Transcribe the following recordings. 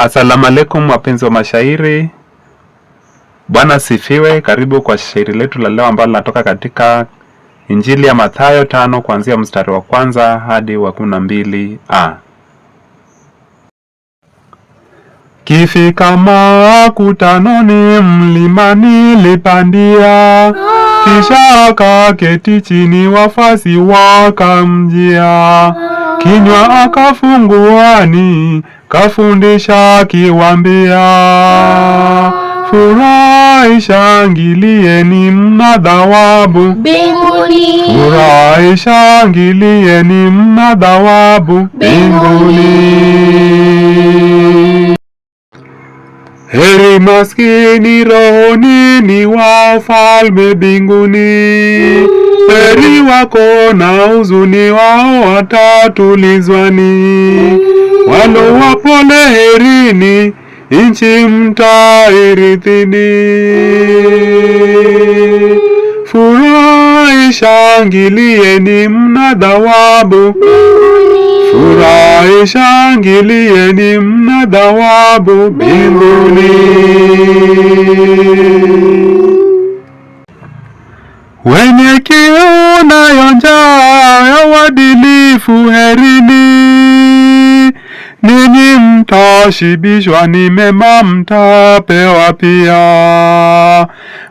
Asalamu alaikum wapenzi wa mashairi, Bwana sifiwe. Karibu kwa shairi letu la leo ambalo linatoka katika Injili ya Mathayo tano kuanzia mstari wa kwanza hadi wa kumi na mbili a Kifika makutanoni, mlimani lipandia, kisha kaketi chini, wafasi wakamjia, kinywa akafunguani kafundisha kiwambia, ah. furahi shangilieni, mna thawabu mbinguni. Furahi shangilieni, mna thawabu mbinguni. Heri maskini rohoni, ni wafalme mbinguni. Heri wako na huzuni, wao watatulizwani. Walo wapone herini, nchi mtairithini. Furahi shangilieni, mna thawabu. Furahi shangilieni, mna thawabu mbinguni. shibishwa ni mema mtapewa pia.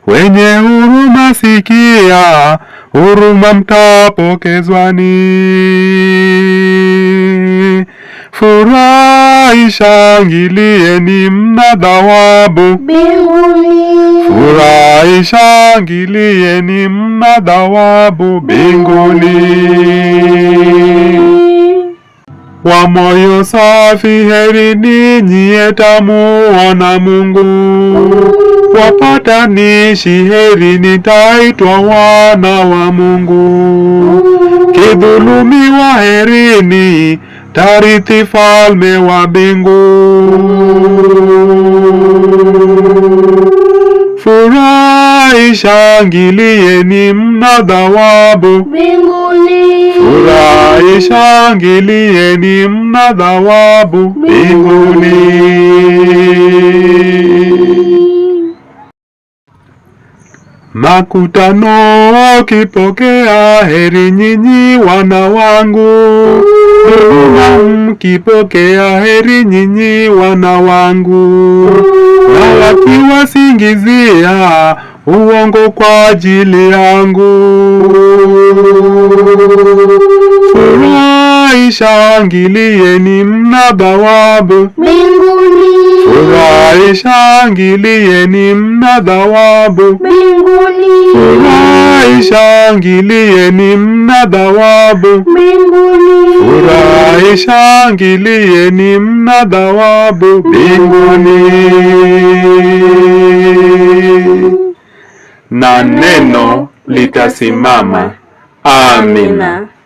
Wenye huruma sikia, huruma mtapokezwani. Furahi, shangilieni, mna thawabu mbinguni. Furahi, shangilieni, mna thawabu mbinguni. Wa moyo safi, heri ninyi mtamuona Mungu. Wapatanishi, heri nitaitwa wana wa Mungu. Kidhulumiwa, herini tarithi falme wa mbingu. Furahi, shangili Angeni mna thawabu mbinguni, furahi ni mna thawabu mbinguni. Makutano kipokea, heri nyinyi wana wangu mkipokea heri nyinyi wana wangu, na wakiwasingizia uongo kwa ajili yangu. Furahisha, angilieni mnaba wa mbinguni. Furahisha, angilieni mnaba wa mbinguni. Furahisha, angilieni mnaba wa mbinguni. Furahisha, angilieni mnaba wa mbinguni na neno litasimama. Amina.